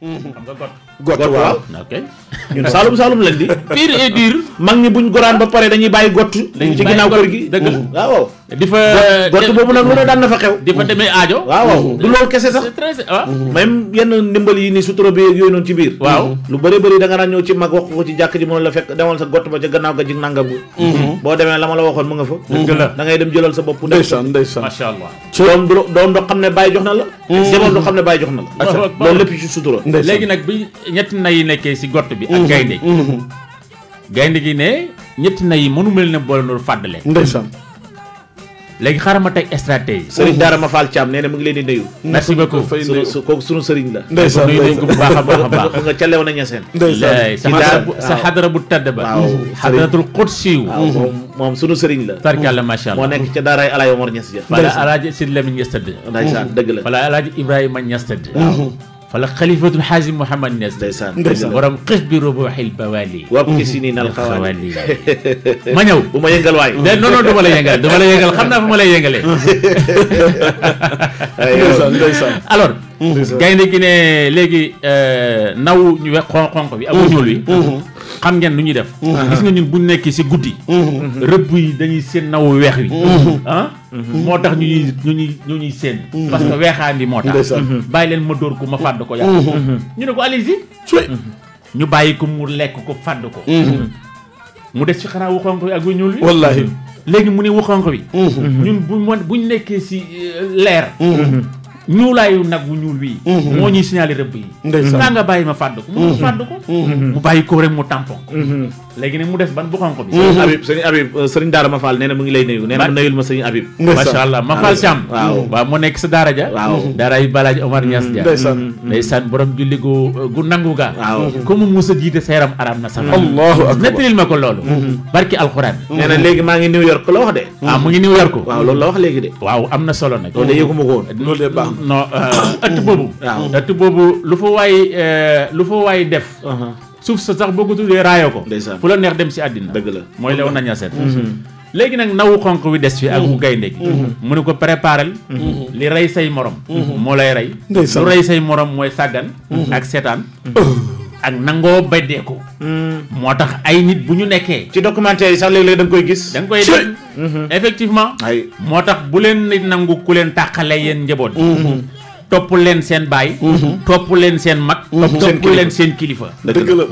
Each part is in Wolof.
xam nga got. got waaw ok. ñun Saalum Saalum lañ di. pire et dur. mag ñi buñ goraan ba pare dañuy bàyyi gott. dañuy bàyyi gott ci ginnaaw kër gi. dëgg la waaw. di fa gott boobu nag lu ne daan na fa xew. di fa demee aajo. waaw waaw mm. du loolu kese sax. Ah. Mm. même yenn ndimbal yi nii sutura bi yooyu noonu ci biir. waaw mm. lu bëri bëri danga nga daan ñëw ci mag wax ko ci jàkk ji mënul la fekk demal sa gott ba ca gannaaw ga jig nangam bi. Mm-hmm. boo demee la ma la waxoon mu nga fa. dëgg la ngay dem jëlal sa bopp. ndeysaan ndeysaan macha allah. doom du doom doo xam ne bàyyi jox na la. jamono doo xam ne bàyyi jox na la. loolu lépp ci sutura. léegi nag bi ñetti nay yi nekkee si gott bi. ak mm-hmm. mm-hmm. gaynde gi ne ñetti nay yi mënu mel ne boole noonu fàddale ndeysaan léegi xaaral ma teg stratégie. Serigne Dara ma Fall Thiam nee na mu ngi leen di nuyu. merci beaucoup su kooku sunu Serigne la. ndeysaan nuyu nañ ko bu a a na ñeseen. ndeysaan ci daara sa xadara bu tedd ba. waaw xadaratul xudsi waaw moom mhm. sunu Serigne la. tarkalla macha allah moo nekk ca daaraay Alaay Omar Niass ja. ndeysaan fala Alaaji Sidi Lamine Niass tëdd. ndeysaan dëgg la fala Alaaji Ibrahima Niass tëdd. waaw. Mhm. ولا خليفة حازم محمد الناس ديسان ديسان ورم قف بربوح البوالي وابكي سنين الخوالي ما نو وما ينقل واي لا نو نو دو ملا ينقل دو ملا ينقل خمنا فو ملا ينقل أيوه. ديسان ديسان alors gayne gi ne legi euh, naw ñu wé xon xon bi amu ñu lui xam ngeen lu ñuy def mhm. gis nga ñun bu nekk ci guddii mhm. rebb yi dañuy seen naw wéx Mhm. moo tax ñu ñuy ñu ñuy ñu ñuy seen mhm. parce que mhm. weexaan bi moo tax bàyyi leen ma dóor ko ma fàdd ko yàq ñu ne ko allez yi ñu bàyyi ko mu lekk ko fàdd ko mu des ci xanaa waxoon ko ak wu ñuul bi léegi mu ne waxoon ko bi ñun buñ buñ nekkee si euh, leer ñuulaayu nag wu ñuul bii moo ñuy signalé rëbb yi ndaa nga bàyyi ma fàdd ko mu fàdd ko mu bàyyi ko mu tampon ko léegi nag mu des ban bu xonq bi sëriñ Habib sëriñ Habib euh, sëriñ Daara Mafal nee na mu ngi lay nuyu nee na mu nuyul ma sëriñ Habib macha allah Mafal Thiam waaw waaw mu nekk sa daara ja waaw daara yi Balaaji Omar mm. Niass Dia ndeysaan mm. ndeysaan borom julli gu gu nangu ga waaw comme Moussa jiite seeram aram na sax allahu akbar nettalil ma ko loolu mm-hmm. barki alxuraan mm-hmm. nee na léegi maa ngi New York la wax de waaw ah, mu ngi New York waaw loolu la wax léegi de waaw am na solo nag loolu de yëguma ko woon loolu de baax non euh, ëtt boobu waaw ëtt boobu lu fa waay euh, lu fa waay def uh-huh. suuf sa sax boo ko tuddee raayo ko fu la neex dem si àddina dëgg la mooy lew naña seet léegi nag nawu xonq wi des fi ak mu mm-hmm. gaynde gi mm-hmm. mu ne ko préparel mm-hmm. li rey say morom moo lay rey lu say morom mooy sàggan ak seetaan oh. ak nangoo ko moo tax ay nit bu ñu nekkee ci documentaire yi sax léeg-léeg da nga koy gis da koy dégg effectivement moo tax bu leen nit nangu ku leen tàqale yéen njaboot topp leen seen baay. Mhm. topp leen seen mag. Mhm. topp leen seen kilifa.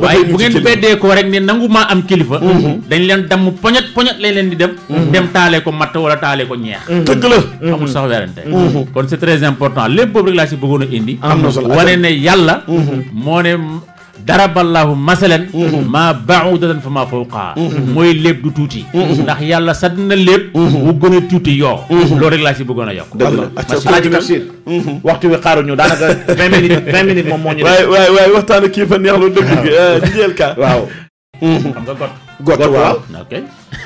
waaye bu ngeen beddee ko rek ne nangu maa am kilifa. Mhm. dañ leen damm poñet poñet lañ leen di dem. dem taalee ko matt wala taalee ko ñeex. dëgg la amul sax werante. kon c'est très important lépp boobu rek si bëggoon a indi. am na solo wane ne yàlla. moo ne. darab allah masalan ma baudatan fa maa fawqaa mooy lépp du tuti ndax yàlla sadna lépp bu gëna tuti yo lo rek la ci bëgona yok yokk waxtu wi xaru ñu danaka 20 minutes 20 minutes moom mo ñu way way way waxtana ki fa neex lu dëgg gi jijeel ka waaw xam nga got got waaw okay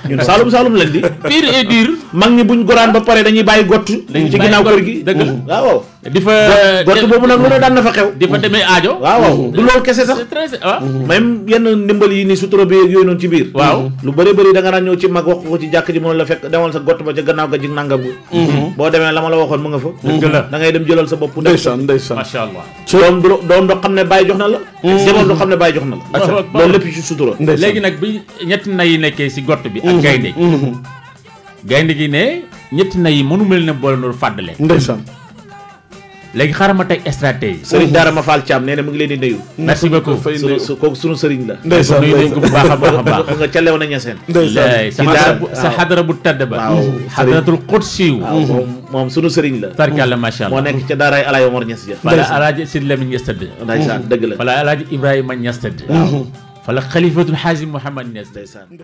ñun salum salum lañ di pire et dur mag ni buñ goraan ba paré dañuy bàyyi gott ci ginnaaw kër gi deug la waaw difa gottu bobu nak nag lu na fa xew difa fa aajo waaw du loolu kessé sax ah. même yenn ndimbal yi ni su bi ak yoy non ci bir waaw lu bari bari da nga daan ñëw ci mag wax ko ci jakk ji mënul la fekk demal sa gottu ba ci gannaaw ga ci nangam bu mm-hmm. bo demee lama la waxon mu nga fa da ngay dem jëlal sa bopp ndeysaan ndeysaan macha machallah doom doon doom do xamné ne jox na la jabar mm-hmm. do xam ne bàyyi jox na la loolu lepp ci sutura légui nak bi ñet nay nekké ci gottu bi bi ak gaynde mhm. gaynde gi ne ñetti na yi mënu mel ne boole noonu fàdd leen ndeysaan léegi xaaral ma teg stratégie mhm. sëriñ Daara ma Fall Thiam nee na mu ngi leen di nuyu mhm. merci beaucoup kooku sunu sëriñ la ndeysaan nuyu nañ ko bu baax a baax a baax nga ca lew na ñaseen sa xadara bu tedd ba xadaratul xudsi moom sunu sëriñ la tarkalla macha allah moo nekk ca daaraay Alaay Omar Ñas ja fala alaaji Sidi Lamine Ñas tëdd ndeysaan dëgg la fala alaaji Ibrahima Ñas tëdd fala xalifatul Xaasim Mouhamad Ñas ndeysaan